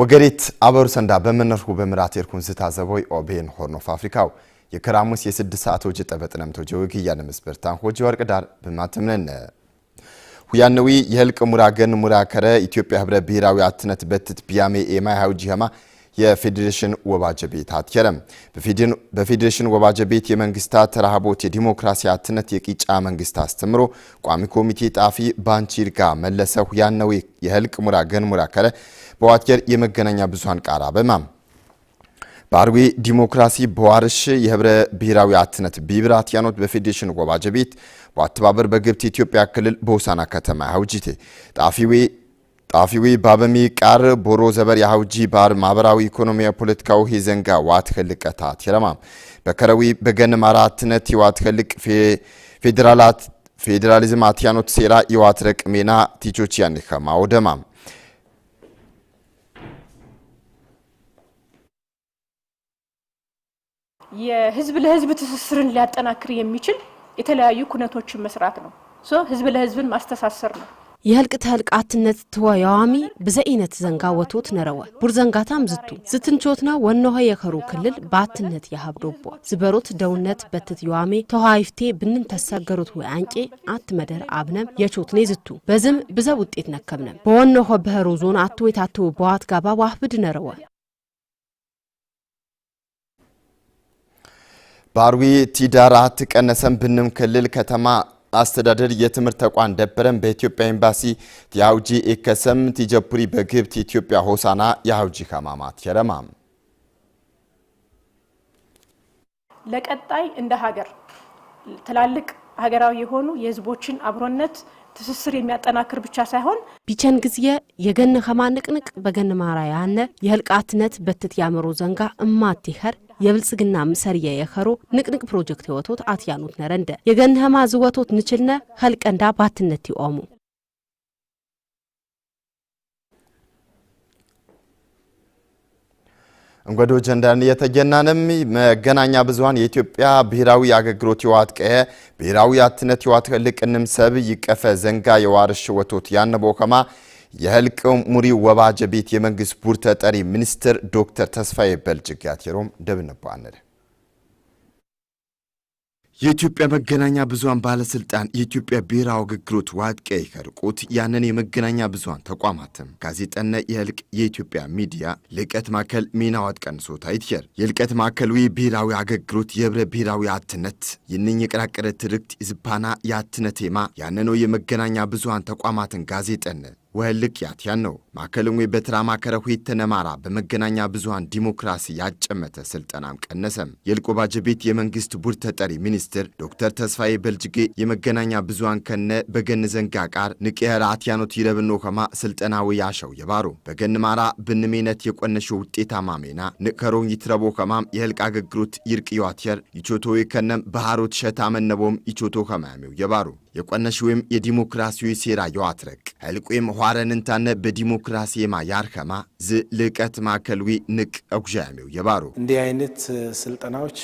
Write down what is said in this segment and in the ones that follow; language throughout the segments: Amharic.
ወገሪት አበሩ ሰንዳ በመነርኩ በምራት የርኩን ዝታዘቦይ ኦቤን ሆርን ኦፍ አፍሪካው የከራሙስ የስድስት ሰዓት ወጅ ጠበጥነምቶ ጀውግ እያነ ምስበርታን ሆጅ ወርቅ ዳር በማተምነን ሁያነዊ የህልቅ ሙራገን ሙራከረ ኢትዮጵያ ህብረ ብሔራዊ አትነት በትት ቢያሜ ኤማይ ሀውጂ ሀማ የፌዴሬሽን ወባጀ ቤት አትከረም በፌዴሬሽን ወባጀ ቤት የመንግስታት ረሃቦት የዲሞክራሲ አትነት የቂጫ መንግስት አስተምሮ ቋሚ ኮሚቴ ጣፊ ባንቺርጋ መለሰ ሁያነዊ የህልቅ ሙራ ገን ሙራ ከረ በዋትጌር የመገናኛ ብዙሃን ቃራ በማም በአርዊ ዲሞክራሲ በዋርሽ የህብረ ብሔራዊ አትነት ቢብራት በፌዴሬሽን ጎባጀ ቤት በአተባበር በግብት ኢትዮጵያ ክልል በውሳና ከተማ ሀውጂቴ ጣፊዌ ጣፊዌ ባበሚ ቃር ቦሮ ዘበር የሀውጂ ባር ማህበራዊ ኢኮኖሚያዊ ፖለቲካዊ ሄዘንጋ ዋት ከልቀታ ቴረማም በከረዊ በገን ማራትነት የዋት ከልቅ ፌዴራላት ፌዴራሊዝም አትያኖት ሴራ የዋትረቅ ሜና ቲቾች ያኒኸማ ወደማም የህዝብ ለህዝብ ትስስርን ሊያጠናክር የሚችል የተለያዩ ኩነቶችን መስራት ነው። ህዝብ ለህዝብን ማስተሳሰር ነው። የህልቅ ተህልቃትነት ትወያዋሚ ብዘኢነት ዘንጋ ወቶት ነረወ ቡር ዘንጋታም ዝቱ ዝትንቾትና ወነሆ የከሩ ክልል በአትነት ያሀብዶቦ ዝበሮት ደውነት በትት የዋሜ ተዋይፍቴ ብንን ተሰገሩት ወይ አንቄ አት መደር አብነም የቾትኔ ዝቱ በዝም ብዘብ ውጤት ነከብነም በወነሆ በህሮ ዞን አቶ የታቶ በዋት ጋባ ዋህብድ ነረወ ባርዊ ቲዳራ ትቀነሰን ብንም ክልል ከተማ አስተዳደር የትምህርት ተቋም ደበረን በኢትዮጵያ ኤምባሲ ቲያውጂ ኤከሰም ቲጀፑሪ በግብት ኢትዮጵያ ሆሳና የአውጂ ከማማት የረማም ለቀጣይ እንደ ሀገር ትላልቅ ሀገራዊ የሆኑ የህዝቦችን አብሮነት ትስስር የሚያጠናክር ብቻ ሳይሆን ቢቸን ጊዜ የገን ከማንቅንቅ በገን ማራ ያነ የህልቃትነት በትት ያመሮ ዘንጋ እማት ይኸር የብልጽግና ምሰርየ የኸሮ ንቅንቅ ፕሮጀክት ህወቶት አትያኑት ነረንደ የገንህማ ዝወቶት ንችልነ ኸልቀንዳ ባትነት ይኦሙ እንጎዶ ጀንዳን የተጀናንም መገናኛ ብዙሃን የኢትዮጵያ ብሔራዊ አገልግሎት ይዋት ቀየ ብሔራዊ አትነት ይዋት ልቅንም ሰብ ይቀፈ ዘንጋ የዋርሽ ወቶት ያነቦ ኸማ የህልቅም ሙሪ ወባጀ ቤት የመንግስት ቡር ተጠሪ ሚኒስትር ዶክተር ተስፋዬ በልጅጋቴሮም ደብነባነደ የኢትዮጵያ መገናኛ ብዙሃን ባለስልጣን የኢትዮጵያ ብሔራዊ አገልግሎት ዋድቀ ከርቁት ያንን የመገናኛ ብዙሃን ተቋማትም ጋዜጠነ የህልቅ የኢትዮጵያ ሚዲያ ልቀት ማዕከል ሚና ዋድቀን ሶታ ይትየር የልቀት ማዕከል ዊ ብሔራዊ አገልግሎት የህብረ ብሔራዊ አትነት ይንኝ የቀራቀረ ትርክት ዝባና የአትነቴማ ያንነው የመገናኛ ብዙሃን ተቋማትን ጋዜጠነ ወህልቅ ያትያን ነው ማዕከልዊ በትራማከረ 휘ተነ የተነማራ በመገናኛ ብዙሃን ዲሞክራሲ ያጨመተ ስልጠናም ቀነሰም የልቆባጀ ቤት የመንግስት ቡር ተጠሪ ሚኒስትር ዶክተር ተስፋዬ በልጅጌ የመገናኛ ብዙሃን ከነ በገን ዘንጋ ቃር ንቅየር አትያኖት ይረብኖ ከማ ስልጠናዊ ያሸው የባሩ በገን ማራ ብንሜነት የቆነሽ ውጤታ ሜና ንከሮን ይትረቦ ኸማም የህልቅ አገግሮት ይርቅ አትየር ይቾቶ ከነም ባህሮት ሸታ መነቦም ይቾቶ ኸማያሜው የባሩ ወይም የዲሞክራሲዊ ሴራ የዋትረቅ ኸልቁም ኋረን እንታነ በዲሞክራሲ የማ ያርከማ ዝ ልቀት ማዕከልዊ ንቅ አጉዣሜው የባሩ እንዲህ አይነት ስልጠናዎች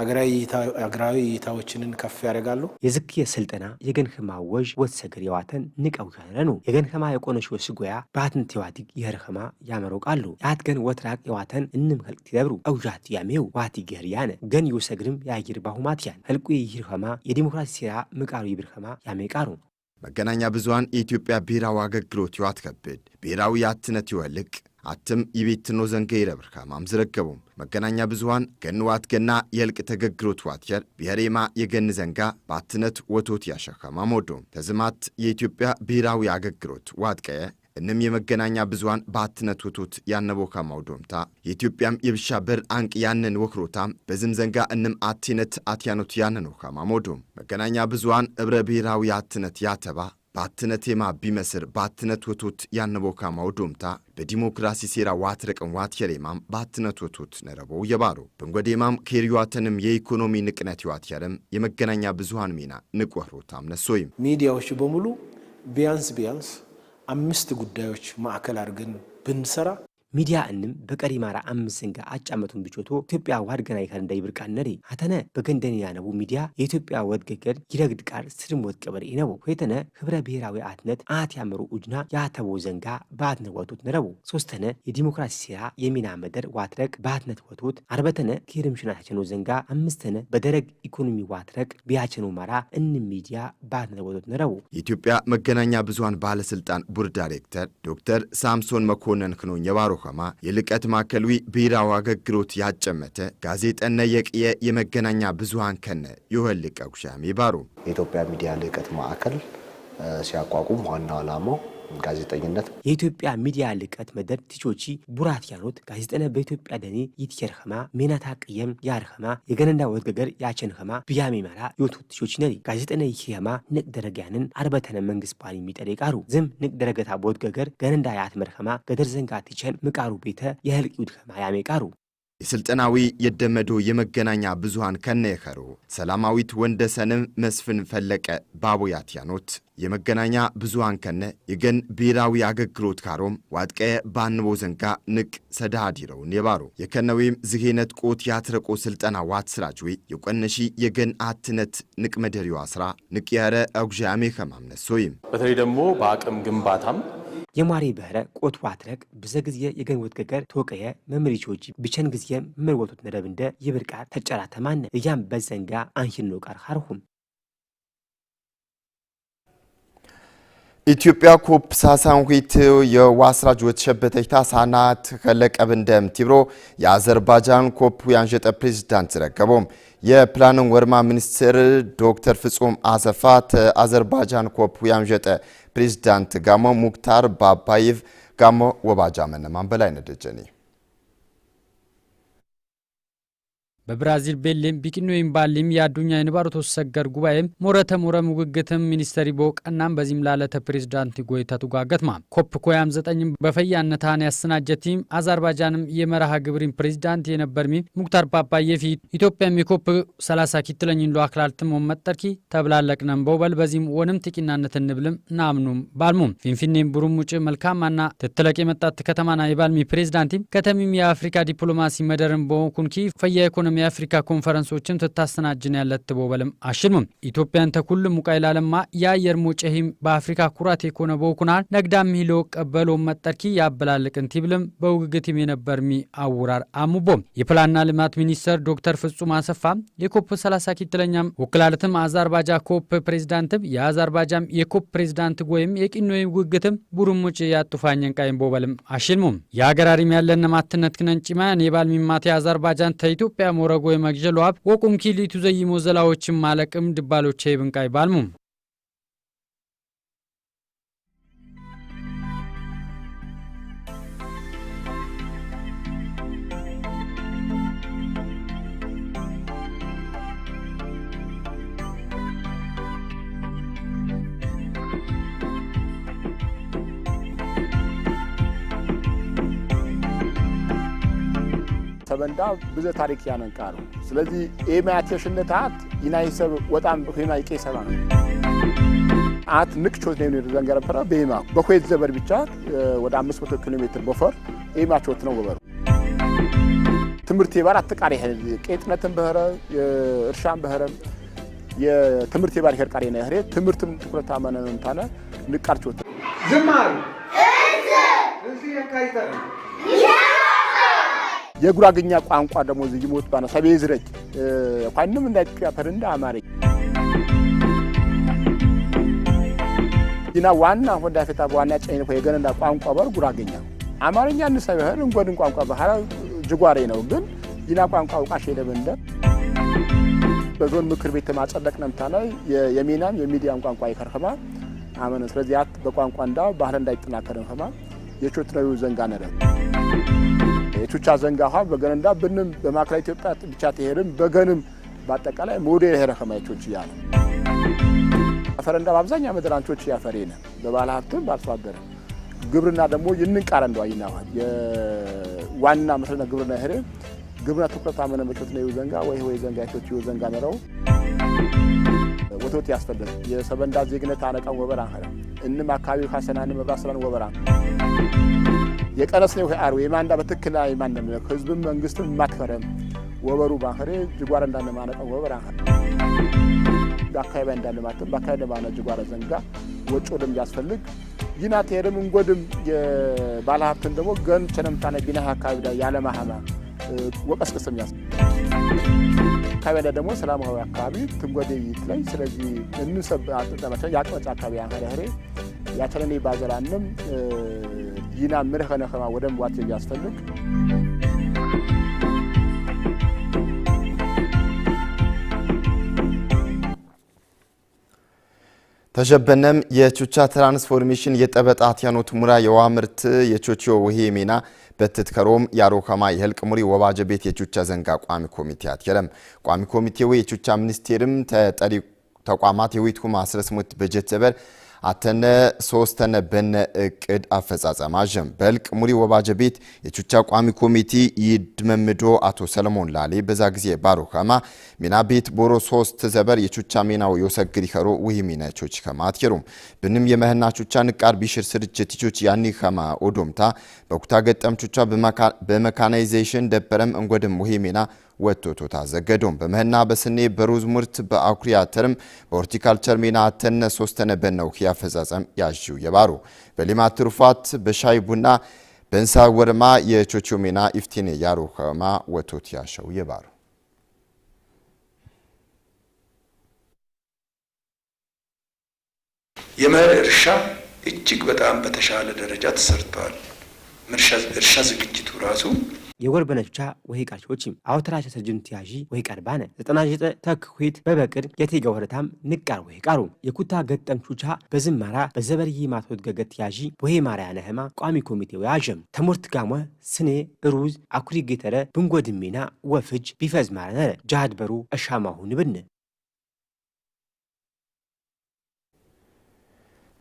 አገራዊ እይታዎችንን ከፍ ያደርጋሉ። የዝክ የስልጠና የገንኸማ ወዥ ወሰገር የዋተን ንቀው ያለ ነው። የገንኸማ የቆነሽ ወስጎያ በአትንት የዋቲግ የርኸማ ያመሮቃሉ ያት ገን ወትራቅ የዋተን እንም ህልቅት ይደብሩ አውዣት ያሜው ዋቲ ገርያነ ገን ይወሰግርም የአየር ባሁማት ያን ህልቁ የይርኸማ የዲሞክራሲ ሴራ ምቃሩ ይብርኸማ ያሜቃሩ መገናኛ ብዙሀን የኢትዮጵያ ብሔራዊ አገልግሎት ይዋት ከብድ ብሔራዊ ያትነት ይወልቅ አትም ይቤትኖ ዘንገይረ ብርካም አምዝረገቡም መገናኛ ብዙሃን ገን ዋት ገና የልቅ ተገግሮት ዋትየር ብሔሬማ የገን ዘንጋ በአትነት ወቶት ያሸከማ ሞዶ ተዝማት የኢትዮጵያ ብሔራዊ አገግሮት ዋትቀየ እንም የመገናኛ ብዙሃን በአትነት ወቶት ያነቦካም ማውዶምታ የኢትዮጵያም የብሻ በር አንቅ ያንን ወክሮታ በዝም ዘንጋ እንም አቴነት አትያኖት ያንን ወካማ ሞዶም መገናኛ ብዙሃን እብረ ብሔራዊ አትነት ያተባ በአትነት የማ ቢመስር በአትነት ወቶት ያነቦካማው ዶምታ በዲሞክራሲ ሴራ ዋትረቅን ረቅን ዋት የሌማም በአትነት ወቶት ነረበው የባሩ በንጎዴማም ኬሪዋተንም የኢኮኖሚ ንቅነት ይዋት ያለም የመገናኛ ብዙሀን ሚና ንቆህሮታም ነሶይም ሚዲያዎች በሙሉ ቢያንስ ቢያንስ አምስት ጉዳዮች ማዕከል አድርገን ብንሰራ ሚዲያ እንም በቀሪ ማራ አምስት አምስንጋ አጫመቱን ብቾቶ ኢትዮጵያ ዋድገና ይብርቃ ነሪ አተነ በገንደን ያነቡ ሚዲያ የኢትዮጵያ ወድገገድ ይረግድ ቃር ስድም ወጥቀበር ይነቡ ሆይተነ ህብረ ብሔራዊ አትነት አት ያምሩ ኡጅና ያተቦ ዘንጋ በአትነት ወቱት ነረቡ ሶስተነ የዲሞክራሲ ሴራ የሚና መደር ዋትረቅ በአትነት ወቱት አርበተነ ከሄርምሽና ያቸኖ ዘንጋ አምስተነ በደረግ ኢኮኖሚ ዋትረቅ ቢያቸኖ ማራ እንም ሚዲያ በአትነት ወቱት ነረቡ የኢትዮጵያ መገናኛ ብዙሀን ባለስልጣን ቡር ዳይሬክተር ዶክተር ሳምሶን መኮንን ክኖኝ የባሮ ተቋማ የልቀት ማዕከሉ ብሔራዊ አገልግሎት ያጨመተ ጋዜጠነ የቅየ የመገናኛ ብዙሃን ከነ የወልቀ ጉሻሜ ባሩ የኢትዮጵያ ሚዲያ ልቀት ማዕከል ሲያቋቁም ዋናው ዓላማው ጋዜጠኝነት የኢትዮጵያ ሚዲያ ልቀት መደብ ቲቾቺ ቡራት ያኖት ጋዜጠነ በኢትዮጵያ ደኔ ይትኬር ኸማ ሜናታ ቅየም ያር ኸማ የገነንዳ ወገገር ያቸን ኸማ ብያሜ መራ ዮቱ ቲቾቺ ነሪ ጋዜጠነ ይሄማ ንቅ ደረጊያንን አርበተነ መንግስት ባል የሚጠር ቃሩ ዝም ንቅ ደረገታ ቦት ገነንዳ ያትመር ኸማ ገደር ዘንጋ ቲቸን ምቃሩ ቤተ የህልቅ ኸማ ያሜ ቃሩ የስልጠናዊ የደመዶ የመገናኛ ብዙሃን ከነየኸሩ ሰላማዊት ወንደሰንም መስፍን ፈለቀ ባቦያት ያኖት የመገናኛ ብዙሃን ከነ የገን ብሔራዊ አገልግሎት ካሮም ዋጥቀየ ባንቦ ዘንጋ ንቅ ሰዳሃዲረውን የባሩ የከነዌም ዝሄነት ቆት ያትረቆ ስልጠና ዋት ስራጅዊ የቆነሺ የገን አትነት ንቅ መደሪዋ ስራ ንቅ ያረ አጉዣሜ ከማምነት ሶይም በተለይ ደግሞ በአቅም ግንባታም የማሪ በህረ ቆት ዋትረቅ ብዘ ጊዜ የገንወት ገገር ተወቀየ መምሪ ጆጂ ብቸን ጊዜም ምርወቱት ነረብ እንደ ይብር ቃር ተጨራ ተማነ እያም በዘንጋ አንሽኖ ቃር ሀርሁም ኢትዮጵያ ኮፕ ሳሳን ሁት የዋስራጅ ወተሸበተ ታሳና ተከለቀብ እንደም ቲብሮ የአዘርባጃን ኮፕ ያንጀጠ ፕሬዚዳንት ዝረከቦም የፕላንን ወርማ ሚኒስትር ዶክተር ፍጹም አሰፋት አዘርባጃን ኮፕ ያንጀጠ ፕሬዚዳንት ጋሞ ሙክታር ባባይቭ ጋሞ ወባጃ መነማን በላይ ደጀኔ በብራዚል ቤሌም ቢቅኖይም ባሊም የአዱኛ ንባሮቶ ሰገር ጉባኤም ሞረተ ሞረ ሙግግትም ሚኒስተሪ ቦቀናም በዚህም ላለተ ፕሬዚዳንት ጎይታ ቱጋገትማ ኮፕ ኮያም ዘጠኝም በፈያነታን ያሰናጀቲም አዘርባጃንም የመርሃ ግብሪን ፕሬዚዳንት የነበርሚ ሙክታር ባባዬ ፊት ኢትዮጵያም የኮፕ 30 ኪትለኝን ሎ አክላልትም ወመጠርኪ ተብላለቅነም በውበል በዚህም ወንም ትቂናነት እንብልም ናምኑም ባልሙም ፊንፊኔም ቡሩም ውጭ መልካማና ትትለቅ የመጣት ከተማና የባልሚ ፕሬዚዳንቲም ከተሚም የአፍሪካ ዲፕሎማሲ መደርን በሆንኩንኪ ፈያ ኢኮኖሚ የአፍሪካ ኮንፈረንሶችም ትታሰናጅን ያለት ቦበልም አሽድምም ኢትዮጵያን ተኩል ሙቃይ ላለማ የአየር ሞጨሂም በአፍሪካ ኩራት የኮነ በውኩናል ነግዳም ሂሎ ቀበሎ መጠርኪ ያበላልቅን ቲብልም በውግግትም የነበርሚ አውራር አሙቦም የፕላንና ልማት ሚኒስተር ዶክተር ፍጹም አሰፋ የኮፕ 30 ኪትለኛም ውክላልትም አዘርባጃ ኮፕ ፕሬዚዳንትም የአዘርባጃም የኮፕ ፕሬዚዳንት ወይም የቂኖይ ውግግትም ቡሩሙጭ ያጡፋኝን ቃይም ቦበልም አሽልሙም የአገራሪም ያለን ማትነት ክነንጭማያን የባልሚማቴ አዛርባጃን ተኢትዮጵያ ሞ ወረጎ የመግዠል ዋብ ወቁም ኪሊቱ ዘይሞ ዘላዎችም ማለቅም ድባሎቼ ብንቃይ ባልሙም ተበንዳ ብዘ ታሪክ ነው ስለዚህ ኤማያቴሽነት አት ይናይሰብ ወጣም ሆና ይቄሰባ ነው አት ንቅቾት ነው ዘንገረፈረ በኤማ በኮት ዘበር ብቻ ወደ 500 ኪሎ ሜትር ቦፈር ኤማቾት ነው ወበሩ ትምህርት የባር አትቃሪ ሄድ ቄጥነትን በህረ እርሻን በህረ የትምህርት የባር ሄድ ቃሪ ነው ሄድ ትምህርትም ትኩረት አመነን ታለ ንቃርቾት ዝማሪ እዚህ እዚህ የጉራግኛ ቋንቋ ደግሞ ዝይሞት ባነ ሰቤ ዝረጅ ኳንም እንዳ ኢትዮጵያ ፈረንዳ አማረ ይና ዋና ሆዳ ፈታ ዋና ጨይን ኮ የገነዳ ቋንቋ በር ጉራግኛ አማርኛ እንሰብ ይሄን እንጎድን ቋንቋ ባህራ ጅጓሬ ነው ግን ይና ቋንቋ አውቃሽ የለበንደ በዞን ምክር ቤት ማጸደቅ ነምታ ላይ የሚናም የሚዲያም ቋንቋ ይከርከማ አመነ ስለዚህ በቋንቋ እንዳ ባህረ እንዳይጠናከረን ከማ የቾትነዩ ዘንጋ ነረ የቹቻ ዘንጋሃ በገነንዳ ብንም በማዕከላዊ ኢትዮጵያ ብቻ ትሄድም በገንም በአጠቃላይ ሞዴል ሄረ ከማይቾች እያለ አፈረንዳ በአብዛኛው መደራንቾች ነ በባለ ሀብትም በአርሶ አደር ግብርና ደግሞ ይንንቃረ እንደ ይናዋል የዋና መስለና ግብርና ሄረ ግብርና ትኩረት አመነ መቾት ነው ዘንጋ ወይ ወይ ዘንጋ ይቾች ይው ዘንጋ ነረው ወቶት ያስፈልግ የሰበንዳ ዜግነት አነቃ ወበራ ኸረ እንም አካባቢ ካሰናን መብራት ስራን ወበራ የቀረስኔ ውሄ አርዌ የማንዳ በትክክል የማን እንደሚለቅ ህዝብም መንግስትም ማክፈረም ወበሩ ባንኸሬ ጅጓር እንዳለ ማነቀ ወበር አንኸሬ በአካባቢ እንዳለ ማቅም በአካባቢ ለማነ ጅጓር ዘንጋ ወጮ ደም ያስፈልግ ይና ተየረም እንጎድም የባለሀብትን ደግሞ ገን ቸነምታነ ቢናህ አካባቢ ላይ ያለ ማህማ ወቀስቅስም ያስ አካባቢ ላይ ደግሞ ሰላማዊ አካባቢ ትንጎዴ ይት ላይ ስለዚህ እንሰብ አጥጠመቸ ያቅመጫ አካባቢ አንኸሬ ያቸነኔ ባዘላንም ይና ምርህ ከነኸማ ወደም ዋት ያስፈልግ ተሸበነም የቹቻ ትራንስፎርሜሽን የጠበጣት ያኖት ሙራ የዋ ምርት የቾቾ ውሄ ሜና በትት ከሮም ያሮከማ የህልቅ ሙሪ ወባጀ ቤት የቹቻ ዘንጋ ቋሚ ኮሚቴ አትየረም ቋሚ ኮሚቴው የቹቻ ሚኒስቴርም ተጠሪ ተቋማት የዊትኩ ማስረስሙት በጀት ዘበር አተነ ሶስተነ በነ እቅድ አፈጻጸም አጀም በልቅ ሙሪ ወባጀ ቤት የቹቻ ቋሚ ኮሚቴ ይድመምዶ አቶ ሰለሞን ላሌ በዛ ጊዜ ባሮ ከማ ሚና ቤት ቦሮ ሶስት ዘበር የቹቻ ሜናው የወሰግድ ይኸሮ ውህ ሚና ቾች ከማ አትኬሩም ብንም የመህና ቹቻ ንቃር ቢሽር ስርጅት ቾች ያኒ ከማ ኦዶምታ በኩታ ገጠም ቹቻ በመካናይዜሽን ደበረም እንጎድም ውህ ሜና ወጥቶቶ ታዘገዶም በምህና በስኔ በሩዝ ምርት በአኩሪ አተርም በሆርቲካልቸር ሜና አተነ ሶስተነ በነው ያፈጻጸም ያዥው የባሩ በሌማት ትሩፋት በሻይ ቡና በእንሳ ወርማ የቾቾ ሜና ኢፍቲን ያሩ ከማ ወቶት ያሸው የባሩ የመኸር እርሻ እጅግ በጣም በተሻለ ደረጃ ተሰርተዋል። እርሻ ዝግጅቱ ራሱ የጎርበነቻ ወይቃቾችም አውትራቸ ሰጅን ቲያዢ ወይ ቀርባነ ዘጠናዥጠ ተክ ሁት በበቅድ የቴገ ወረታም ንቃር ወይ ቃሩ የኩታ ገጠም ቹቻ በዝማራ በዘበርይ ማቶት ገገት ቲያዢ ወይ ማርያ ነህማ ቋሚ ኮሚቴ ወያጀም ተሞርት ጋሞ ስኔ እሩዝ አኩሪ ጌተረ ብንጎድሜና ወፍጅ ቢፈዝ ማረነረ ጃሃድ በሩ እሻማሁን ብን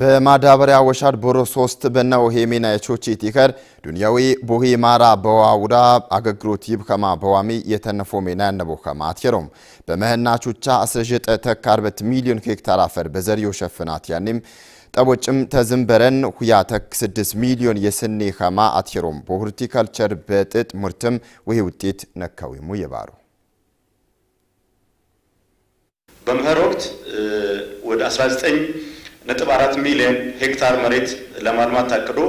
በማዳበሪያ ወሻድ ቦሮ 3 በና ሄሜና የቾቺ ቲከር ዱንያዊ ቡሂ ማራ በዋውዳ አገግሮት ይብከማ በዋሚ የተነፎ ሜና ያነቦከማ አትየሮም በመህና ቹቻ 19 ተክ 40 ሚሊዮን ሄክታር አፈር በዘርዮ ሸፍናት ያኔም ጠቦጭም ተዝምበረን ሁያ ተክ 6 ሚሊዮን የስኔ ከማ አትየሮም በሆርቲካልቸር በጥጥ ምርትም ውሂ ውጤት ነካዊሙ የባሩ በመኸር ወቅት ወደ 19 ነጥብ አራት ሚሊዮን ሄክታር መሬት ለማልማት ታቅዶ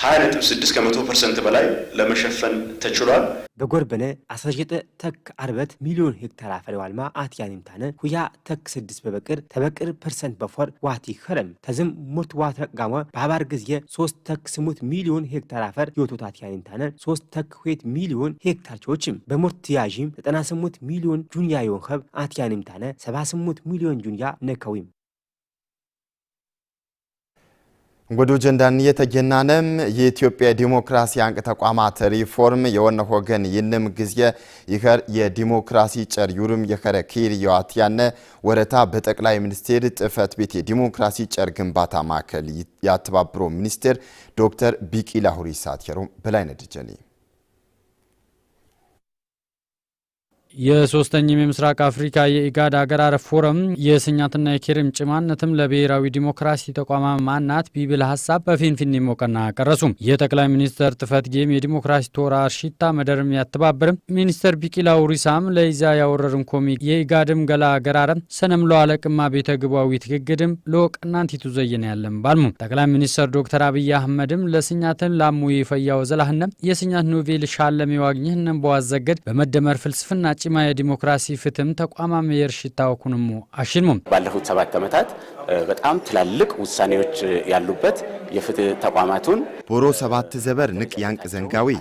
ሀያ ነጥብ ስድስት ከመቶ ፐርሰንት በላይ ለመሸፈን ተችሏል። በጎርበነ አሳሸጠ ተክ አርበት ሚሊዮን ሄክታር አፈሪ ዋልማ አትያኒምታነ ሁያ ተክ ስድስት በበቅር ተበቅር ፐርሰንት በፎር ዋቲ ኸረም ተዝም ሞት ዋት ጋማ በአባር ጊዜ ሶስት ተክ ስሙት ሚሊዮን ሄክታር አፈር የወቶት አትያኒምታነ ሶስት ተክ ሁት ሚሊዮን ሄክታር ቾችም በሞት ትያዥም ዘጠና ስሙት ሚሊዮን ጁንያ የወንኸብ አትያኒምታነ ሰባ ስሙት ሚሊዮን ጁንያ ነከዊም ጉዱ ጀንዳን የተገናነም የኢትዮጵያ ዲሞክራሲ አንቅ ተቋማት ሪፎርም የወነ ሆገን ይንም ጊዜ ይኸር የዲሞክራሲ ጨር ዩርም የኸረ ኪር የዋትያነ ወረታ በጠቅላይ ሚኒስቴር ጽሕፈት ቤት የዲሞክራሲ ጨር ግንባታ ማዕከል ያተባብሮ ሚኒስቴር ዶክተር ቢቂላ ሁሪሳ ትየሩም በላይነህ የሶስተኛው የምስራቅ አፍሪካ የኢጋድ አገራር ፎረም የስኛትና የኬርም ጭማነትም ለብሔራዊ ዲሞክራሲ ተቋማ ማናት ቢብል ሀሳብ በፊንፊኔ ሞቀና ቀረሱም የጠቅላይ ሚኒስተር ጥፈት ጌም የዲሞክራሲ ቶራ ሽታ መደርም ያተባብርም ሚኒስተር ቢቂላ ውሪሳም ለይዛ ያወረርን ኮሚ የኢጋድም ገላ አገራረም ሰነም ለዋለቅማ ቤተ ግባዊ ትግግድም ለወቅናንቲቱ ዘይነ ያለም ባልሙ ጠቅላይ ሚኒስተር ዶክተር አብይ አህመድም ለስኛትን ላሙ የፈያው ወዘላህነም የስኛት ኖቬል ሻለም የዋግኝህንም በዋዘገድ በመደመር ፍልስፍና ጭማ የዲሞክራሲ ፍትም ተቋማም የርሽታው ኩንሙ አሽንሙም ባለፉት ሰባት ዓመታት በጣም ትላልቅ ውሳኔዎች ያሉበት የፍትህ ተቋማቱን ቦሮ ሰባት ዘበር ንቅ ያንቅ ዘንጋዊ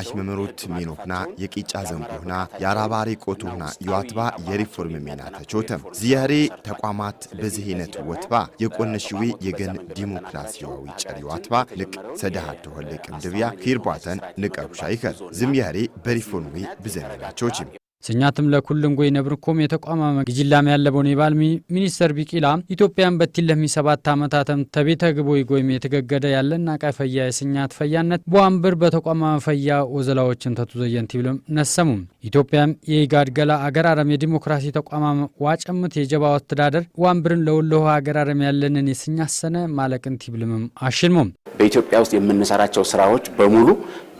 አሽመምሮት ሚኖህና የቂጫ ዘንጎህና የአራባሪ ቆቱና የዋትባ የሪፎርም ሜና ተቾተም ዚያሬ ተቋማት በዝህነት ወትባ የቆነሽዊ የገን ዲሞክራሲያዊ ጨሪ ዋትባ ንቅ ሰዳሃት ተወልቅ ምድብያ ኪርቧተን ንቀሩሻ ይከር ዝምያሬ በሪፎርሚ ብዘመናቾችም ስኛትም ለኩልን ጎይ ነብርኮም የተቋማመ ግጅላም ያለበውን የባል ሚኒስተር ቢቂላ ኢትዮጵያን በቲን ሰባት ዓመታትም ተቤተ ግቦይ ጎይም የተገገደ ያለና ቃይ ፈያ የስኛት ፈያነት በአንብር በተቋማመ ፈያ ወዘላዎችን ተቱዘየንት ይብልም ነሰሙም ኢትዮጵያም የኢጋድ ገላ አገር አረም የዲሞክራሲ ተቋማመ ዋጨምት የጀባ አስተዳደር ዋንብርን ለወለሆ አገር አረም ያለንን የስኛት ሰነ ማለቅንት ይብልምም አሽልሙም በኢትዮጵያ ውስጥ የምንሰራቸው ስራዎች በሙሉ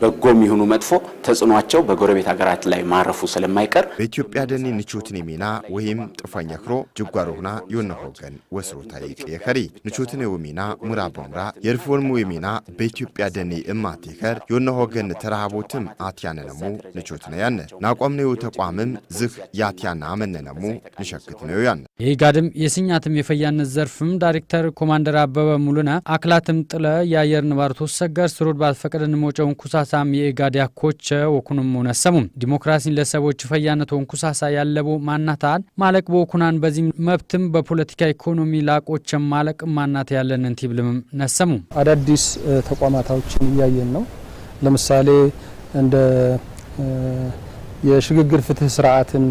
በጎም ይሁኑ መጥፎ ተጽዕኖአቸው በጎረቤት ሀገራት ላይ ማረፉ ስለማይቀር በኢትዮጵያ ደን ንቾትን የሚና ወይም ጥፋኛ ክሮ ጅጓሮ ጅጓሮና የሆነ ሆገን ወስሮ ታሪክ የከሪ ንቾትን የሚና ሙራ ቦምራ የሪፎርሙ የሚና በኢትዮጵያ ደን እማት ይከር የሆነ ሆገን ተራሃቦትም አትያነነሙ ንቾት ነው ያነ ናቋም ነው ተቋምም ዝህ ያትያና አመነነሙ ንሸክት ነው ያነ የኢጋድም የስኛትም የፈያነት ዘርፍም ዳይሬክተር ኮማንደር አበበ ሙሉነ አክላትም ጥለ የአየር ንባርቱ ሰገር ስሩድ ባልፈቀደ ንሞጨውን ኩሳሳም የኢጋድ ያኮቸ ወኩንም ነሰሙ ዲሞክራሲን ለሰቦች ፈያነቶን ኩሳሳ ያለቡ ማናታል ማለቅ በወኩናን በዚህም መብትም በፖለቲካ ኢኮኖሚ ላቆቸም ማለቅ ማናት ያለንን ቲብልምም ነሰሙ አዳዲስ ተቋማታዎችን እያየን ነው። ለምሳሌ እንደ የሽግግር ፍትህ ስርዓትን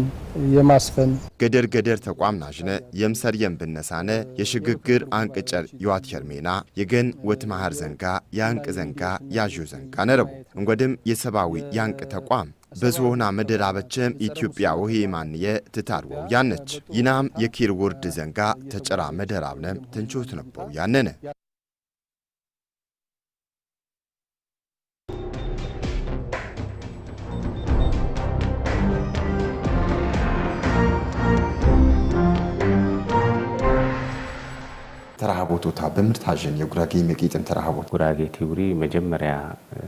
የማስፈን ገደር ገደር ተቋም ናዥነ የምሰርየም ብነሳነ የሽግግር አንቅጨር የዋት ሸርሜና የገን ወት ማህር ዘንጋ የአንቅ ዘንጋ ያዥ ዘንጋ ነረቡ እንጎድም የሰብአዊ የአንቅ ተቋም በዝሆና መደራበችም ኢትዮጵያ ውሄ ማንየ ትታርወው ያነች ይናም የኪር ውርድ ዘንጋ ተጨራ መደራብነም ትንቾት ነበው ያነነ ተረሃ ቦቶታ ብምርታዥን የጉራጌ መጌጥን ተረሃ ጉራጌ ቲውሪ መጀመሪያ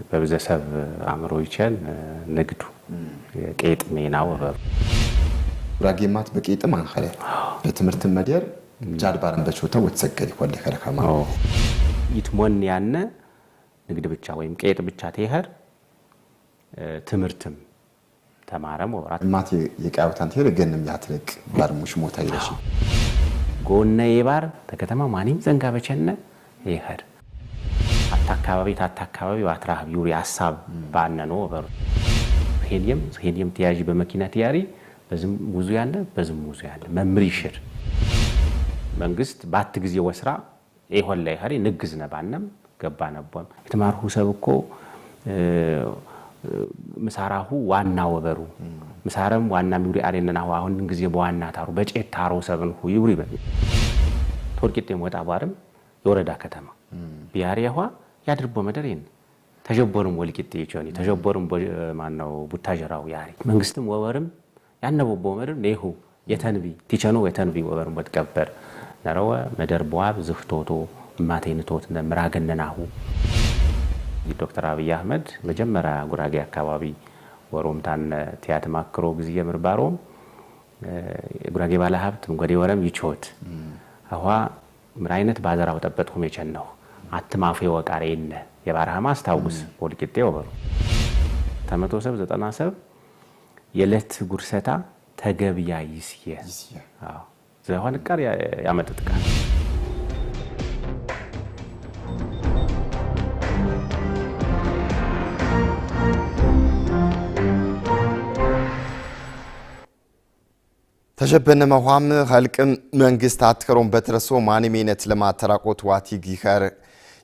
በብዘሰብ አእምሮ ይቸን ንግዱ ቄጥ ሜና ወበብ ጉራጌ ማት በቄጥም አንኸለ በትምህርት መደር ጃድባርን በቾታ ወተሰገድ ይኮል ከረከማ ይትሞን ያነ ንግድ ብቻ ወይም ቄጥ ብቻ ትሄር ትምህርትም ተማረም ወራት ማት የቃውታን ትሄር ገንም ያትለቅ ባርሙሽ ሞታ ይለሽ ጎነ የባር ተከተማ ማኒም ዘንጋ በቸነ ይኸድ አታ አካባቢ ታታ አካባቢ በአትራ ቢሪ ሀሳብ ባነ ነው በሩ ሄሊየም ሄሊየም ተያዥ በመኪና ትያሪ በዝም ውዙ ያለ በዝም ውዙ ያለ መምሪ ይሽር መንግስት ባት ጊዜ ወስራ ይሆን ላይ ኸሪ ንግዝ ነባነም ገባ ነቦም የተማርሁ ሰብ እኮ ምሳራሁ ዋና ወበሩ ምሳረም ዋና ሚውሪ አሬነና አሁን ጊዜ በዋና ታሩ በጨት ታሮ ሰብን ሁ ይውሪ በ ቶርቂጤ የሞጣ ባርም የወረዳ ከተማ ቢያሪ ቢያሪያዋ ያድርቦ መደር ይን ተጀቦርም ወልቂጤ ይቾኒ ተጀቦርም ማነው ቡታጀራው ያሪ መንግስትም ወበርም ያነቦቦ መደር ነይሁ የተንቢ ቲቸኖ የተንቢ ወበርም ወትቀበር ነረወ መደር በዋብ ዝፍቶቶ ማቴንቶት ምራገነናሁ ዶክተር አብይ አህመድ መጀመሪያ ጉራጌ አካባቢ ወሮምታን ቲያት ማክሮ ጊዜ ምርባሮም ጉራጌ ባለ ሀብት ምንጎዴ ወረም ይቾት አዋ ምን አይነት ባዘራው ጠበጥኩም ሜቸን ነው አትማፈ ወቃሬ የነ የባርሃማ አስታውስ ወልቂጤ ወበሩ ተመቶ ሰብ ዘጠና ሰብ የለት ጉርሰታ ተገብያ ይስየ ዘሆን ቀር ያመጥጥቃል ተሸበነ መኋም ኸልቅም መንግስት አትከሮም በትረሶ ማንም ማንሜነት ለማተራቆት ዋቲግ ይኸር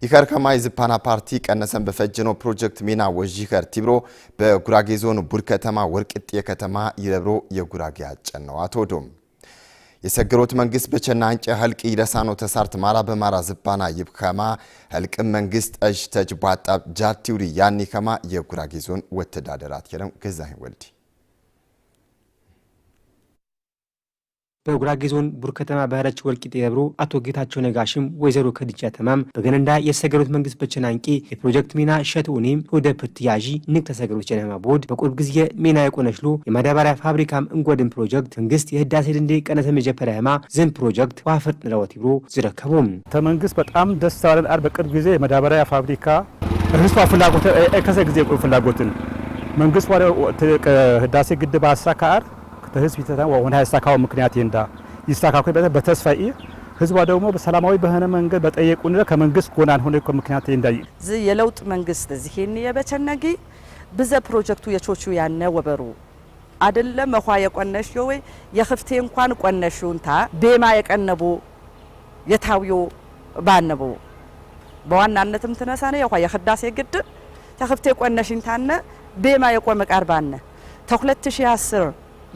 ይኸር ከማይ ዝፓና ፓርቲ ቀነሰን በፈጀኖ ፕሮጀክት ሜና ወዥ ይኸር ቲብሮ በጉራጌ ዞን ቡር ከተማ ወርቅጤ ከተማ ይረብሮ የጉራጌ አጨን ነው አቶ ዶም የሰገሮት መንግስት በቸና አንጨ ኸልቅ ይደሳኖ ተሳርት ማራ በማራ ዝባና ይብከማ ኸልቅም መንግስት እጅ ተጅ ባጣ ጃቲውሪ ያኒ ከማ የጉራጌ ዞን ወተዳደራት የለም ገዛኸኝ ወልዲ በጉራጌ ዞን ቡር ከተማ ባህረች ወልቂጤ ደብሮ አቶ ጌታቸው ነጋሽም ወይዘሮ ከድጃ ተማም በገነንዳ የሰገሩት መንግስት በቸናንቂ የፕሮጀክት ሚና ሸት ኡኔም ወደ ፕትያዢ ንግ ተሰገሩት ጀነማ ቦድ በቁርብ ጊዜ ሜና የቆነችሎ የማዳበሪያ ፋብሪካም እንጎድን ፕሮጀክት መንግስት የህዳሴ ድንዴ ቀነተ መጀፈሪያማ ዝን ፕሮጀክት ዋፍርጥ ንለወት ይብሮ ዝረከቡም ተመንግስት በጣም ደስ ሳለን አር በቅርብ ጊዜ የማዳበሪያ ፋብሪካ ርስቷ ፍላጎት ከሰ ጊዜ ፍላጎትን መንግስት ህዳሴ ግድብ አስራ ከአር በህዝብ ይተታ ወና ያሳካው ምክንያት ይንዳ በተ ይሳካኩ በተስፋኢ ህዝቧ ደግሞ በሰላማዊ በሆነ መንገድ በጠየቁ ነው ከመንግስት ጎናን ሆነ ምክንያት ይንዳ ዝ የለውጥ መንግስት እዚህን የበቸነጊ ብዘ ፕሮጀክቱ የቾቹ ያነ ወበሩ አደለ መኳ የቆነሽ ወይ የክፍቴ እንኳን ቆነሽውንታ ዴማ የቀነቡ የታውዮ ባነቡ በዋናነትም ትነሳነ የኳ የህዳሴ ግድብ ተክፍቴ ቆነሽንታነ ቤማ የቆመቃር ባነ ተ2010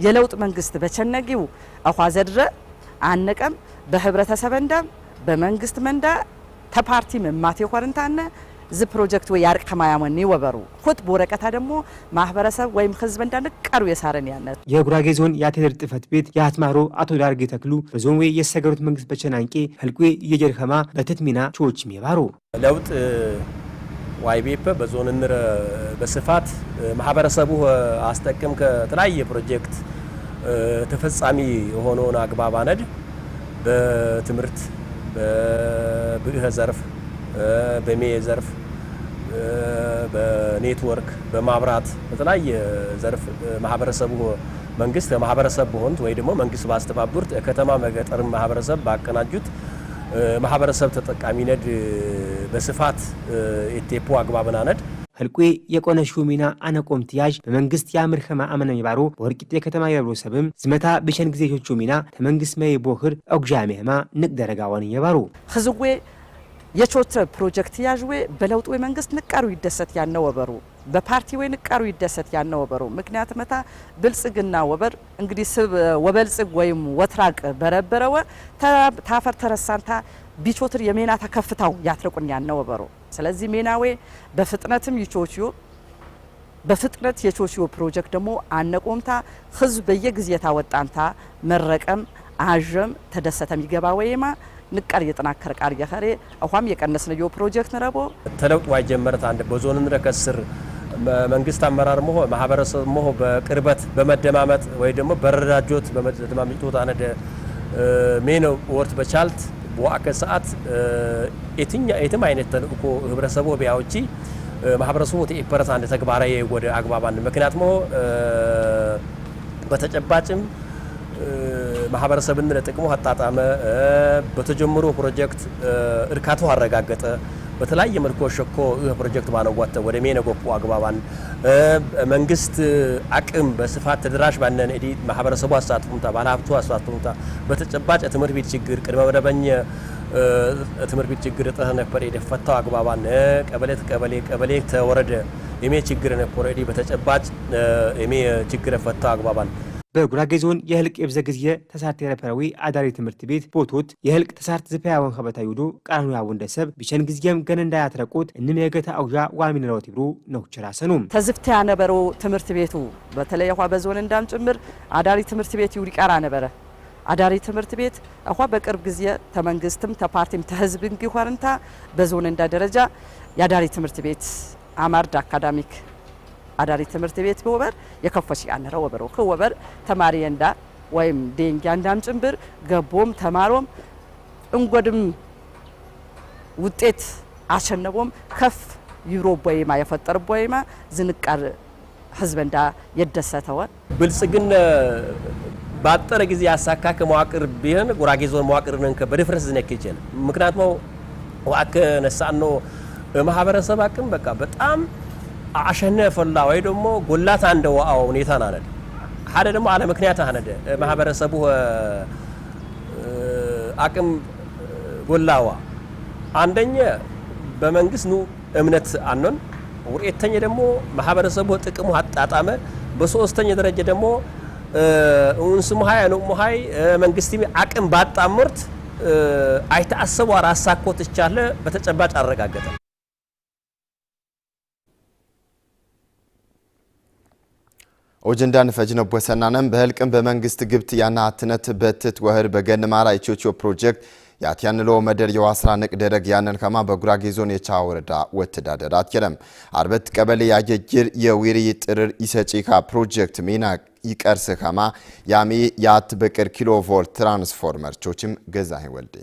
የለውጥ መንግስት በቸነጊው አኳ ዘድረ አነቀም በህብረተሰብ እንዳ በመንግስት መንዳ ተፓርቲ መማት ኮርንታነ ዝ ፕሮጀክት ወይ ያርቅ ከማያመን ይወበሩ ኩት ቦረቀታ ደግሞ ማህበረሰብ ወይም ህዝብ እንዳንቀሩ የሳረን ያነ የጉራጌ ዞን የአቴነር ጥፈት ቤት የአትማሮ አቶ ዳርጌ ተክሉ በዞን ወይ የሰገሩት መንግስት በቸናንቄ ህልቁ እየጀርከማ በትትሚና ቾች ሚባሩ ለውጥ ዋይቤፕ በዞን እንረ በስፋት ማህበረሰቡ አስጠቅም ከተለያየ ፕሮጀክት ተፈጻሚ የሆነውን አግባብ አነድ በትምህርት በብእህ ዘርፍ በሜ ዘርፍ በኔትወርክ በማብራት በተለያየ ዘርፍ ማህበረሰቡ መንግስት ከማህበረሰብ በሆኑት ወይ ደግሞ መንግስት ባስተባብሩት ከተማ መገጠር ማህበረሰብ ባቀናጁት ማህበረሰብ ተጠቃሚ ነድ በስፋት ኤቴፖ አግባብና ነድ ህልቁ የቆነ ሹሚና አነቆም ትያዥ በመንግስት የአምር ከማ አመነ ይባሩ በወርቂጤ ከተማ ይረብሰብም ዝመታ ብሸን ጊዜ ሚና ተመንግስት መይ ቦህር ኦግዣ ሜህማ ንቅ ደረጋ ደረጋዋን የባሩ ህዝዌ የቾተ ፕሮጀክት ያዥዌ በለውጥ ወይ መንግስት ንቀሩ ይደሰት ያነ ወበሩ በፓርቲ ወይ ንቀሩ ይደሰት ያነ ወበሩ ምክንያት መታ ብልጽግና ወበር እንግዲህ ስብ ወበልጽግ ወይም ወትራቅ በረበረወ ታፈር ተረሳንታ ቢቾትር የሜና ተከፍታው ያትረቁን ያነ ወበሩ ስለዚህ ሜናዌ በፍጥነትም ይቾችዮ በፍጥነት የቾችዮ ፕሮጀክት ደግሞ አነቆምታ ህዝብ በየጊዜታ ወጣንታ መረቀም አጀም ተደሰተም ይገባ ወይማ ንቃር እየጠናከረ ቃር እያኸሬ አሁም የቀነስነ ዮ ፕሮጀክት ነረቦ ተለውጥ ዋይ ጀመረት አንድ በዞንን ረከስር መንግስት አመራር መሆ ማህበረሰብ መሆ በቅርበት በመደማመጥ ወይ ደግሞ በረዳጆት በመደማመጥ ነደ ሜኖ ወርት በቻልት በዋከ ሰዓት የትኛ የትም አይነት ተልእኮ ህብረተሰቡ ቢያውጪ ማህበረሰቡ ተኢፐረት አንድ ተግባራዊ ወደ አግባባን ምክንያት መሆ በተጨባጭም ማህበረሰብን ለጥቅሙ አጣጣመ፣ በተጀመሩ ፕሮጀክት እርካቱ አረጋገጠ። በተለያየ መልኩ ሸኮ ይህ ፕሮጀክት ባነጓተ ወደ ሜነ ጎፖ አግባባን መንግስት አቅም በስፋት ተደራሽ ባነን እዲ ማህበረሰቡ አሳትፉምታ ባለሀብቱ አሳትፉምታ በተጨባጭ ትምህርት ቤት ችግር ቅድመ መደበኛ ትምህርት ቤት ችግር እጥረ ነበር ፈታው አግባባን ቀበሌ ተቀበሌ ቀበሌ ተወረደ የሜ ችግር ነበር እዲ በተጨባጭ የሜ ችግር ፈታው አግባባን በጉራጌ ዞን የህልቅ የብዘ ጊዜ ተሳርት የረፈረዊ አዳሪ ትምህርት ቤት ቦቶት የህልቅ ተሳርት ዝፈያወን ከበታ ይዱ ቃኑ ያወንደሰብ ቢቸን ጊዜም ገን እንዳያትረቁት እንም የገታ አውዣ ዋሚን ነው ትብሩ ነው ችራሰኑ ተዝፍታ ነበሩ ትምህርት ቤቱ በተለይ ኳ በዞን እንዳም ጭምር አዳሪ ትምህርት ቤት ይውሪ ቃራ ነበረ አዳሪ ትምህርት ቤት እኳ በቅርብ ጊዜ ተመንግስትም ተፓርቲም ተህዝብ እንግኳርንታ በዞን እንዳ ደረጃ የአዳሪ ትምህርት ቤት አማርድ አካዳሚክ አዳሪ ትምህርት ቤት በወበር የከፈሽ ያነረ ወበሮ ከወበር ተማሪ እንዳ ወይም ዴንጋ እንዳም ጭምብር ገቦም ተማሮም እንጎድም ውጤት አሸነቦም ከፍ ይብሮ ቦይማ የፈጠር ቦይማ ዝንቀር ህዝብ እንዳ የደሰተወን ብልጽግን ባጠረ ጊዜ ያሳካ ከመዋቅር ቢሆን ጉራጌ ዞን መዋቅር ነን በድፍረት ዝነክ ይችል ምክንያቱም ዋከ ነሳኖ ማህበረሰብ አቅም በቃ በጣም አሸነፈላ ወይ ደሞ ጎላት እንደው አው ሁኔታ ናነድ ሓደ ደሞ አለ ምክንያት አነደ ማህበረሰቡ አቅም ጎላዋ አንደኛ በመንግስት ኑ እምነት አኖን ውርኤተኛ ደግሞ ማህበረሰቡ ጥቅሙ አጣጣመ በሶስተኛ ደረጃ ደግሞ እውንስ ሙሃይ ነው ሙሃይ መንግስት አቅም ባጣምርት አይተአሰቡ አራሳኮት ይቻለ በተጨባጭ አረጋገጠ። ኦጀንዳን ፈጅነ ቦሰናነም በህልቅም በመንግስት ግብት ያና አትነት በትት ወህድ በገንማራ ኢትዮቾ ፕሮጀክት ያትያንሎ መደር የዋስራ ንቅ ደረግ ያንን ከማ በጉራጌ ዞን የቻ ወረዳ ወተዳደር አትየለም አርበት ቀበሌ ያጀጅር የዊሪ ጥርር ኢሰጪካ ፕሮጀክት ሚና ይቀርስ ከማ ያሜ ያት በቅር ኪሎ ቮልት ትራንስፎርመር ቾችም ገዛ ወልዴ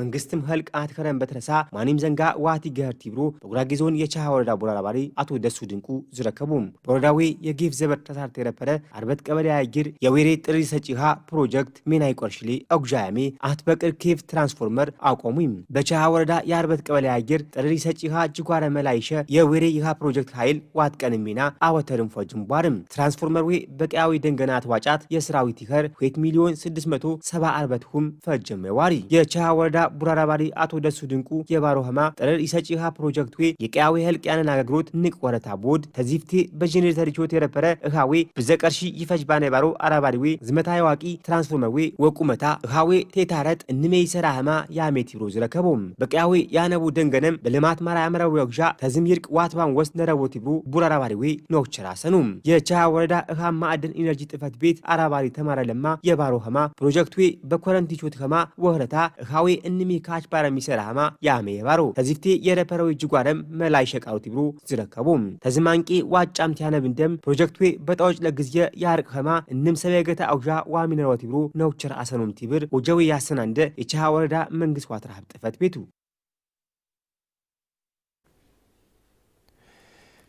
መንግስትም ህልቃት ከረን በተነሳ ማኒም ዘንጋ ዋቲ ገር ቲብሮ በጉራጌ ዞን የቻሃ ወረዳ ቦራላ ባሪ አቶ ደሱ ድንቁ ዝረከቡ በወረዳዊ የጌፍ ዘበር ተሳርተ የረፈረ አርበት ቀበሌ አይጊር የዌሬ ጥሪ ሰጪሃ ፕሮጀክት ሜናይ ቆርሽሌ አጉጃያሜ አትበቅር ኬፍ ትራንስፎርመር አቆሙም በቻሃ ወረዳ የአርበት ቀበሌ አይጊር ጥሪ ሰጪሃ ጅጓረ መላይሸ የዌሬ ይሃ ፕሮጀክት ኃይል ዋትቀን ሚና አወተርም ፎጅም ቧርም ትራንስፎርመር ዌ በቀያዊ ደንገና ተዋጫት የስራዊት ይኸር ሁለት ሚሊዮን ስድስት መቶ ሰባ አርበት ሁም ፈጀመ ዋሪ የቻሃ ወረዳ ቡራራባሪ አቶ ደሱ ድንቁ የባሮ ህማ ጠረር ኢሰጪሃ ፕሮጀክት ዌ የቀያዌ ህልቅ ያንን አገግሮት ንቅ ወረታ ቦድ ተዚፍቴ በጄኔሬተር ቾት የረፐረ እሃዌ ብዘቀርሺ ይፈጅ ባነ ባሮ አራባሪ ዌ ዝመታ የዋቂ ትራንስፎርመር ዌ ወቁመታ እሃዌ ቴታረጥ እንሜ ይሰራ ህማ የአሜቲ ብሮ ዝረከቦም በቀያዌ ያነቡ ደንገነም በልማት ማራ ያመራዊ ወግዣ ተዝም ይርቅ ዋትባን ወስት ነረቦት ብሮ ቡራራባሪ ዌ ኖክቸራ ሰኑም የቻሃ ወረዳ እሃ ማዕድን ኢነርጂ ጥፈት ቤት አራባሪ ተማረ ለማ የባሮ ህማ ፕሮጀክት ዌ በኮረንቲ ቾት ህማ ወህረታ እሃዌ እንም ካች ባረም ይሰራማ ያሜ ባሩ ተዚፍቴ የረፐረው እጅጓረም መላይ ሸቃሩ ትብሩ ዝረከቡ ተዝማንቂ ዋጫም ቲያነብ እንደም ፕሮጀክቱ በጣዎች ያርቅ ያርቀማ እንም ሰበገታ አውዣ ዋሚነሮ ትብሩ ነውቸር አሰኖም ቲብር ወጀው ያሰናንደ የቻሃ ወረዳ መንግስት ዋትራ ጽሕፈት ቤቱ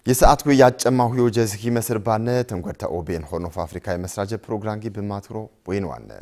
የሰዓት ወይ ያጨማሁ ዮጀዝ ይመስር ባነ ተንጓድታ ኦቤን ሆኖፍ አፍሪካ የመስራጀ ፕሮግራም ጊ በማትሮ ወይን ዋነ